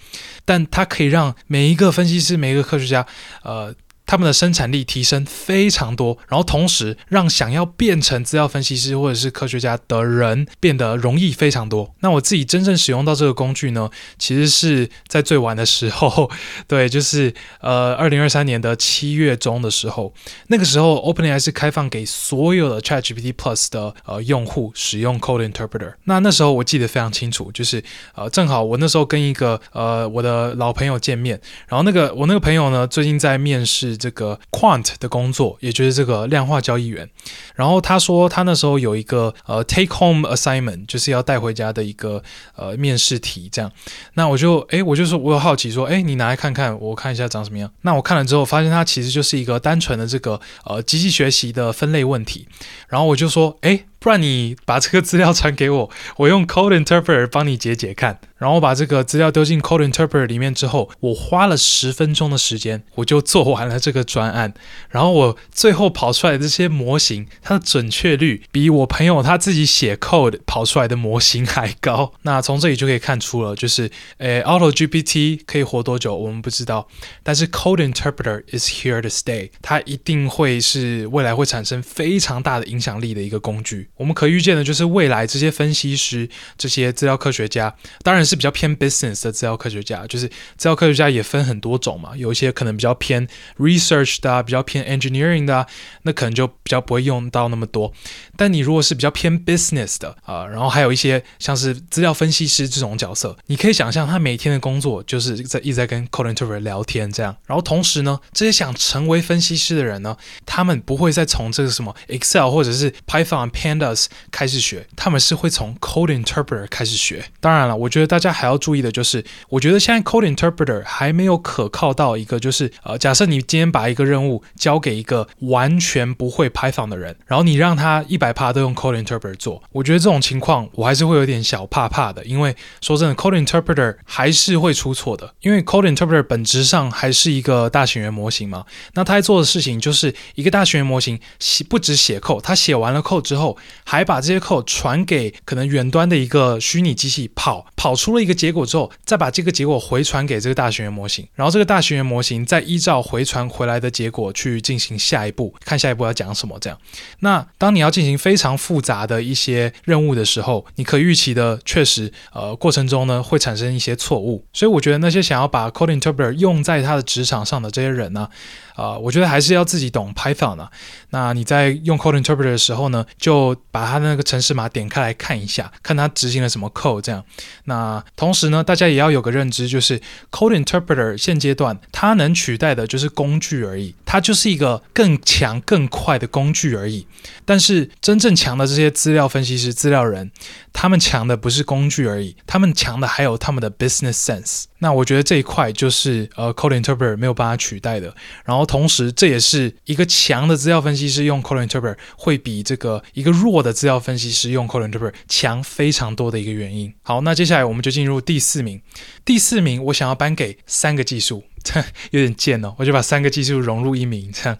但它可以讓每一個分析師、每一個科學家，呃。他們的生產力提升非常多，然後同時讓想要變成資料分析師或者是科學家的人變得容易非常多。那我自己真正使用到這個工具呢，其實是在最晚的時候，對，就是呃，二零二三年的七月中的時候，那個時候 OpenAI 是開放給所有的 ChatGPT Plus 的呃用戶使用 Code Interpreter。那那時候我記得非常清楚，就是呃，正好我那時候跟一個呃我的老朋友見面，然後那個我那個朋友呢，最近在面試。這個 quant 的工作，也就是這個量化交易員，然後他說他那時候有一個呃 take home assignment，就是要帶回家的一個呃面試題這樣，那我就誒，我就說、是、我有好奇說誒，你拿來看看，我看一下長什麼樣，那我看了之後發現它其實就是一個單純的這個呃機器學習的分類問題，然後我就說誒。不然你把這個資料傳給我，我用 Code Interpreter 幫你解解看。然後把這個資料丟進 Code Interpreter 裡面之後，我花了十分鐘的時間，我就做完了這個專案。然後我最後跑出來的這些模型，它的準確率比我朋友他自己寫 Code 跑出來的模型還高。那從這裡就可以看出了，就是誒，AutoGPT 可以活多久我們不知道，但是 Code Interpreter is here to stay，它一定會是未來會產生非常大的影響力的一個工具。我們可預見的，就是未來這些分析師、這些資料科學家，當然是比較偏 business 的資料科學家。就是資料科學家也分很多種嘛，有一些可能比較偏 research 的，啊，比較偏 engineering 的，啊，那可能就比較不會用到那麼多。但你如果是比較偏 business 的啊，呃，然後還有一些像是資料分析師這種角色，你可以想象他每天的工作就是在一直在跟 Code Interpreter 聊天這樣。然後同時呢，這些想成為分析師的人呢，他們不會再從這個什麼 Excel 或者是 Python、Panda。開始學，他們是會從 code interpreter 開始學。當然了，我覺得大家還要注意的就是，我覺得現在 code interpreter 還沒有可靠到一個，就是呃，假設你今天把一個任務交給一個完全不會 Python 的人，然後你讓他一百趴都用 code interpreter 做，我覺得這種情況我還是會有點小怕怕的，因為說真的，code interpreter 還是會出錯的，因為 code interpreter 本質上還是一個大語言模型嘛，那他在做的事情就是一個大語言模型寫不止寫 code，他寫完了 code 之後。還把這些 code 傳給可能遠端的一個虛擬機器跑，跑出了一個結果之後，再把這個結果回傳給這個大語言模型，然後這個大語言模型再依照回傳回來的結果去進行下一步，看下一步要講什麼這樣。那當你要進行非常複雜的一些任務的時候，你可預期的確實，呃，過程中呢會產生一些錯誤。所以我覺得那些想要把 code interpreter 用在他的職場上的這些人呢、啊。啊、呃，我覺得還是要自己懂 Python 啊。那你在用 Code Interpreter 的時候呢，就把它的那個程式碼點開來看一下，看它執行了什麼 code 這樣。那同時呢，大家也要有個認知，就是 Code Interpreter 現階段它能取代的，就是工具而已，它就是一個更強更快的工具而已。但是真正強的這些資料分析師、資料人，他們強的不是工具而已，他們強的還有他們的 business sense。那我覺得這一塊就是呃，Code Interpreter 沒有辦法取代的。然後。同時，這也是一個強的資料分析師用 Code Interpreter 會比這個一個弱的資料分析師用 Code Interpreter 強非常多的一個原因。好，那接下來我們就進入第四名。第四名我想要頒給三個技術，呵有點賤哦，我就把三個技術融入一名。這樣，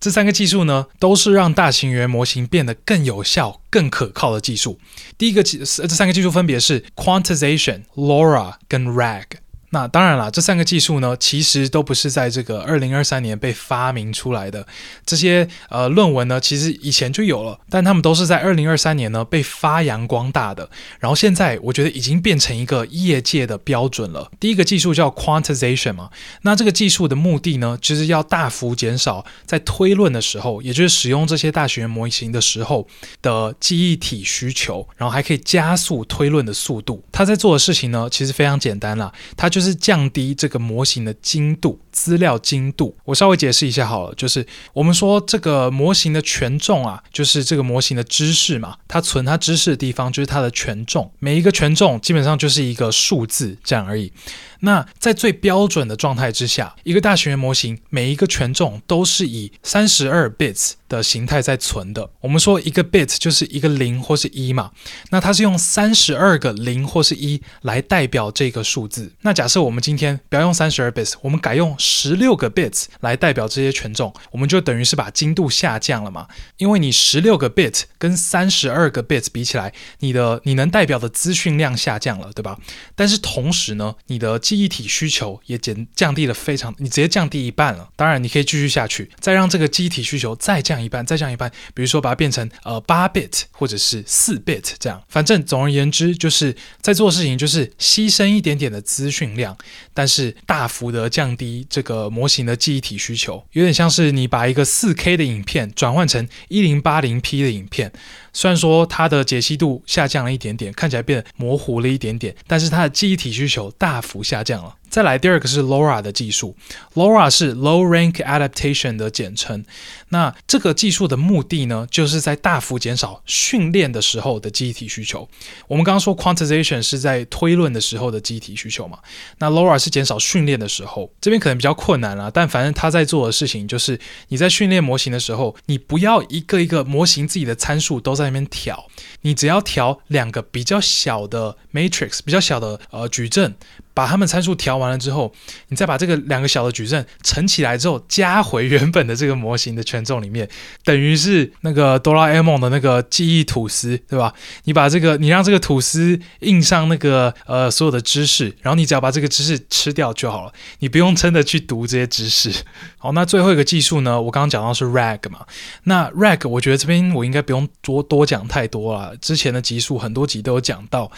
這三個技術呢，都是讓大型語言模型變得更有效、更可靠的技術。第一個技，這三個技術分別是 Quantization、LoRA 跟 RAG。那當然啦，這三個技術呢，其實都不是在這個二零二三年被發明出來的。這些呃論文呢，其實以前就有了，但他們都是在二零二三年呢被發揚光大的。然後現在，我覺得已經變成一個業界的標準了。第一個技術叫 Quantization 嘛，那這個技術的目的呢，就是要大幅減少在推論的時候，也就是使用這些大型模型的時候的記憶體需求，然後還可以加速推論的速度。它在做的事情呢，其實非常簡單啦，它就是。是降低這個模型的精度，資料精度。我稍微解釋一下好了，就是我們說這個模型的權重啊，就是這個模型的知識嘛，它存它知識的地方就是它的權重。每一個權重基本上就是一個數字這樣而已。那在最標準的狀態之下，一個大型的模型每一個權重都是以三十二 bits。的形態在存的。我們說一個 bit 就是一個零或是一嘛，那它是用三十二個零或是一來代表這個數字。那假設我們今天不要用三十二 bits，我們改用十六個 bits 來代表這些權重，我們就等於是把精度下降了嘛。因為你十六個 bit 跟三十二個 bits 比起來，你的你能代表的資訊量下降了，對吧？但是同時呢，你的記憶體需求也減降低了非常，你直接降低一半了。當然你可以繼續下去，再讓這個記憶體需求再降。一半再降一半，比如說把它變成呃八 bit 或者是四 bit 這樣，反正總而言之就是在做事情，就是犧牲一點點的資訊量，但是大幅的降低這個模型的記憶體需求，有點像是你把一個四 K 的影片轉換成一零八零 P 的影片，雖然說它的解析度下降了一點點，看起來變得模糊了一點點，但是它的記憶體需求大幅下降了。再來第二個是 LoRA 的技術，LoRA 是 Low Rank Adaptation 的簡稱。那這個技術的目的呢，就是在大幅減少訓練的時候的記憶體需求。我們剛剛說 Quantization 是在推論的時候的記憶體需求嘛？那 LoRA 是減少訓練的時候，這邊可能比較困難了啊。但反正他在做的事情就是，你在訓練模型的時候，你不要一個一個模型自己的參數都在那邊調，你只要調兩個比較小的 matrix，比較小的呃矩陣，把它們參數調完。完了之後，你再把這個兩個小的矩陣乘起來之後，加回原本的這個模型的權重裡面，等於是那個哆啦 A 夢的那個記憶吐司，對吧？你把這個，你讓這個吐司印上那個呃所有的知識，然後你只要把這個知識吃掉就好了，你不用真的去讀這些知識。好，那最後一個技術呢，我剛剛講到是 RAG 嘛，那 RAG 我覺得這邊我應該不用多多講太多了，之前的集數很多集都有講到。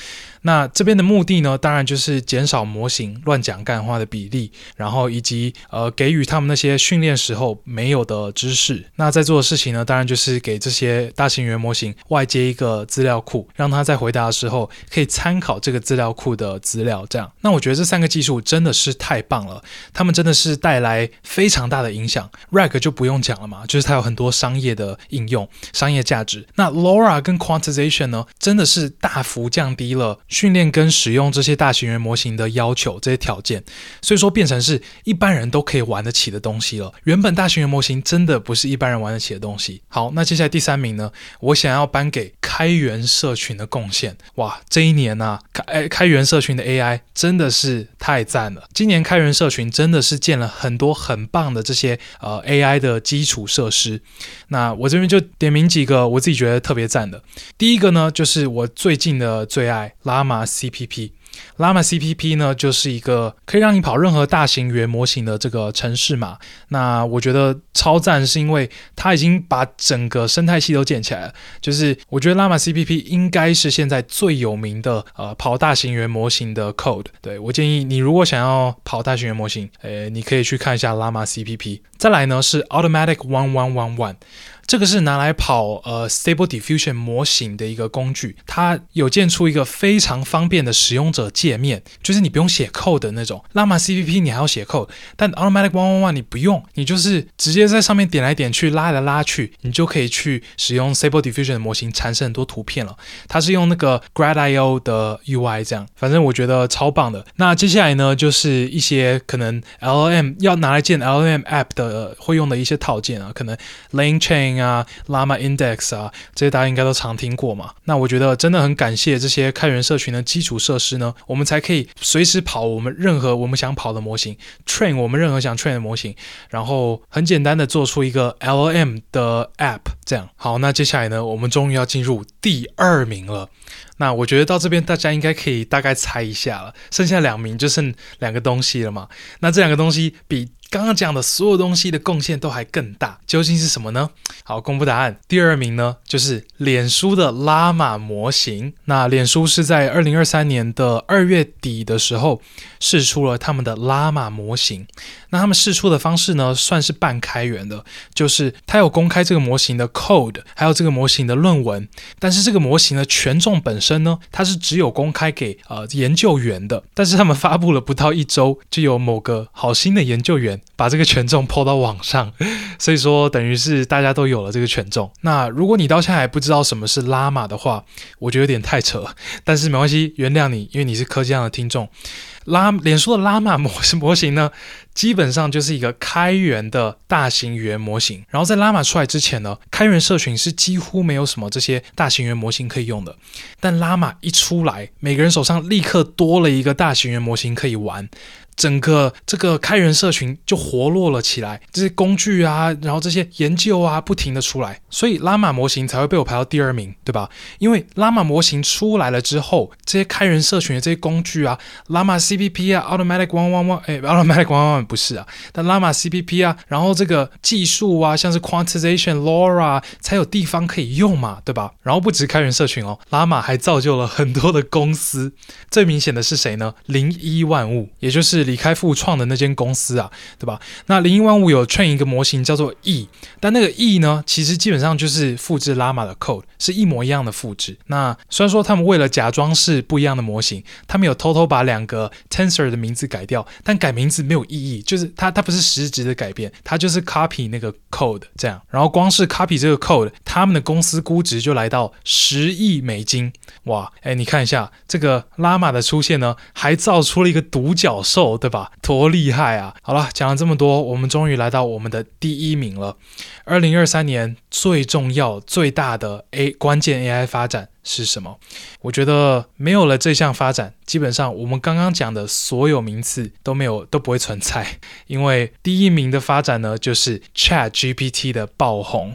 那這邊的目的呢，當然就是減少模型亂講幹話的比例，然後以及呃給予他們那些訓練時候沒有的知識。那在做的事情呢，當然就是給這些大型語言模型外接一個資料庫，讓他在回答的時候可以參考這個資料庫的資料。這樣，那我覺得這三個技術真的是太棒了，他們真的是帶來非常大的影響。RAG 就不用講了嘛，就是它有很多商業的應用、商業價值。那 LoRA 跟 Quantization 呢，真的是大幅降低了。訓練跟使用這些大型語言模型的要求、這些條件，所以說變成是一般人都可以玩得起的東西了。原本大型語言模型真的不是一般人玩得起的東西。好，那接下來第三名呢，我想要頒給開源社群的貢獻。哇，這一年吶、啊，開開源社群的 AI 真的是太讚了。今年開源社群真的是建了很多很棒的這些呃 AI 的基礎設施。那我這邊就點名幾個我自己覺得特別讚的。第一個呢，就是我最近的最愛拉。LlamaCPP LlamaCPP 呢，就是一個可以讓你跑任何大型語言模型的這個程式碼嘛。那我覺得超讚，是因為它已經把整個生態系都建起來了。就是我覺得 LlamaCPP 應該是現在最有名的呃跑大型語言模型的 code 對。對，我建議你如果想要跑大型語言模型，誒，你可以去看一下 LlamaCPP。再來呢，是 Automatic 1111。這個是拿來跑呃 Stable Diffusion 模型的一個工具，它有建出一個非常方便的使用者界面，就是你不用寫 code 的那種，Llama CPP 你還要寫 code，但 Automatic One One One 你不用，你就是直接在上面點來點去，拉來拉去，你就可以去使用 Stable Diffusion 的模型產生很多圖片了。它是用那個 Gradio 的 UI 這樣，反正我覺得超棒的。那接下來呢，就是一些可能 LLM 要拿來建 LLM App 的、呃、會用的一些套件啊，可能 LangChain。啊 Llama Index 啊，這些大家應該都常聽過嘛。那我覺得真的很感謝這些開源社群的基礎設施呢，我們才可以隨時跑我們任何我們想跑的模型，train 我們任何想 train 的模型，然後很簡單的做出一個 LLM 的 app。這樣，好，那接下來呢，我們終於要進入第二名了。那我覺得到這邊大家應該可以大概猜一下了，剩下兩名就剩兩個東西了嘛。那這兩個東西比。剛剛講的所有東西的貢獻都還更大，究竟是什麼呢？好，公布答案。第二名呢，就是臉書的拉瑪模型。那臉書是在二零二三年的二月底的時候，釋出了他們的拉瑪模型。他們釋出的方式呢，算是半開源的，就是他有公開這個模型的 code，還有這個模型的論文，但是這個模型的權重本身呢，它是只有公開給呃研究員的。但是他們發布了不到一周，就有某個好心的研究員把這個權重拋到網上，所以說等於是大家都有了這個權重。那如果你到現在還不知道什麼是拉瑪的話，我覺得有點太扯，但是沒關係，原諒你，因為你是科技上的聽眾。拉臉書的拉瑪模式模型呢，基本上就是一個開源的大型語言模型。然後在拉瑪出來之前呢，開源社群是幾乎沒有什麼這些大型語言模型可以用的。但拉瑪一出來，每個人手上立刻多了一個大型語言模型可以玩。整個這個開源社群就活絡了起來，這些工具啊，然後這些研究啊，不停的出來，所以拉瑪模型才會被我排到第二名，對吧？因為拉瑪模型出來了之後，這些開源社群的這些工具啊，拉瑪 CPP 啊，Automatic 1111，哎、欸，Automatic 1111，不是啊，但拉瑪 CPP 啊，然後這個技術啊，像是 Quantization、LoRA 才有地方可以用嘛，對吧？然後不止開源社群哦，拉瑪還造就了很多的公司，最明顯的是誰呢？零一萬物，也就是。李開復創的那間公司啊，對吧？那零一萬物有 train 一個模型叫做 E，但那個 E 呢，其實基本上就是複製拉瑪的 code，是一模一樣的複製。那雖然說他們為了假裝是不一樣的模型，他們有偷偷把兩個 tensor 的名字改掉，但改名字沒有意義，就是它它不是實質的改變，它就是 copy 那個 code 這樣。然後光是 copy 這個 code，他們的公司估值就來到十億美金，哇！哎，你看一下這個拉瑪的出現呢，還造出了一個獨角獸。對吧？多厲害啊！好了，講了這麼多，我們終於來到我們的第一名了。二零二三年最重要、最大的 A 關鍵 AI 發展是什麼？我覺得沒有了這項發展，基本上我們剛剛講的所有名次都沒有都不會存在，因為第一名的發展呢，就是 ChatGPT 的爆紅。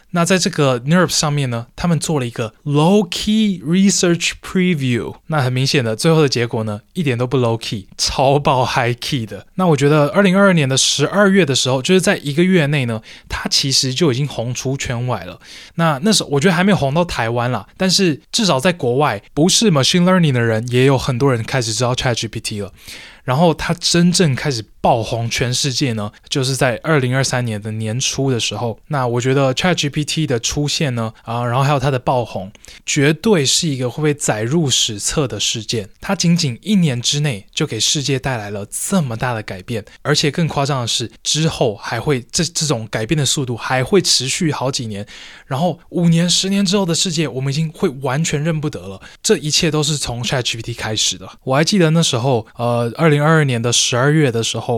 那在這個 Nerf 上面呢，他們做了一個 Low Key Research Preview。那很明顯的，最後的結果呢，一點都不 Low Key，超爆 High Key 的。那我覺得，二零二二年的十二月的時候，就是在一個月內呢，它其實就已經紅出圈外了。那那時候我覺得還沒有紅到台灣啦，但是至少在國外，不是 Machine Learning 的人也有很多人開始知道 ChatGPT 了。然後它真正開始。爆紅全世界呢，就是在二零二三年的年初的時候。那我覺得 ChatGPT 的出現呢，啊，然後還有它的爆紅，絕對是一個會被載入史冊的事件。它僅僅一年之內就給世界帶來了這麼大的改變，而且更誇張的是，之後還會這這種改變的速度還會持續好幾年。然後五年、十年之後的世界，我們已經會完全認不得了。這一切都是從 ChatGPT 開始的。我還記得那時候，呃，二零二二年的十二月的時候。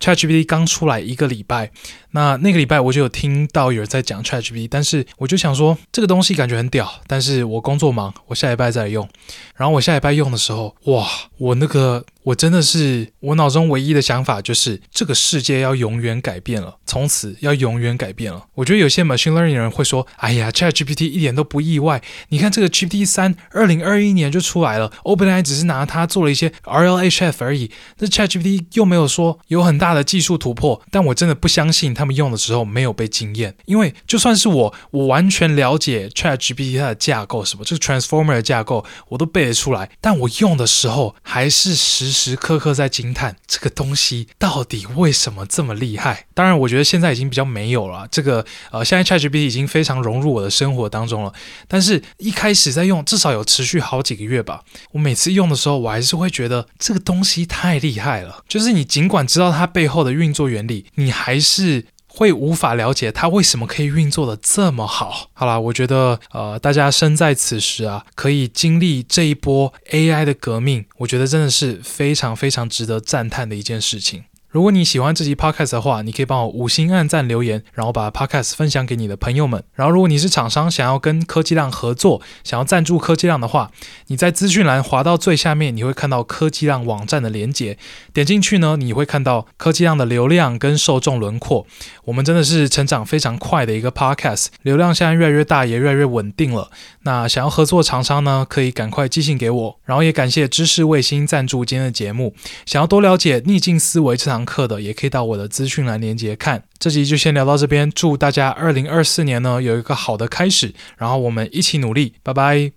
ChatGPT 剛出來一個禮拜。那那個禮拜我就有聽到有人在講 ChatGPT，但是我就想說這個東西感覺很屌，但是我工作忙，我下禮拜再用。然後我下禮拜用的時候，哇，我那個我真的是我腦中唯一的想法就是這個世界要永遠改變了，從此要永遠改變了。我覺得有些 machine learning 人會說，哎呀，ChatGPT 一點都不意外。你看這個 GPT 三，二零二一年就出來了，OpenAI 只是拿它做了一些 RLHF 而已。那 ChatGPT 又沒有說有很大的技術突破，但我真的不相信它。他們用的時候沒有被驚艷，因為就算是我，我完全了解 ChatGPT 它的架構什麼，就是 Transformer 的架構，我都背得出來。但我用的時候，還是時時刻刻在驚嘆這個東西到底為什麼這麼厲害？當然，我覺得現在已經比較沒有了啊，這個呃，現在 ChatGPT 已經非常融入我的生活當中了。但是，一開始在用，至少有持續好幾個月吧，我每次用的時候，我還是會覺得這個東西太厲害了。就是你儘管知道它背後的運作原理，你還是會無法了解他為什麼可以運作的這麼好。好啦，我覺得，呃，大家身在此時啊，可以經歷這一波 AI 的革命，我覺得真的是非常非常值得讚嘆的一件事情。如果你喜歡這集 podcast 的話，你可以幫我五星按讚、留言，然後把 podcast 分享給你的朋友們。然後，如果你是廠商，想要跟科技浪合作，想要贊助科技浪的話，你在資訊欄滑到最下面，你會看到科技浪網站的連結。點進去呢，你會看到科技浪的流量跟受眾輪廓。我們真的是成長非常快的一個 podcast，流量現在越來越大，也越來越穩定了。那想要合作廠商呢，可以趕快寄信給我。然後，也感謝知識衛星贊助今天的節目。想要多了解逆境思維這場。上課的也可以到我的資訊欄連接看，這集就先聊到這邊，祝大家二零二四年呢，有一個好的開始，然後我們一起努力，拜拜。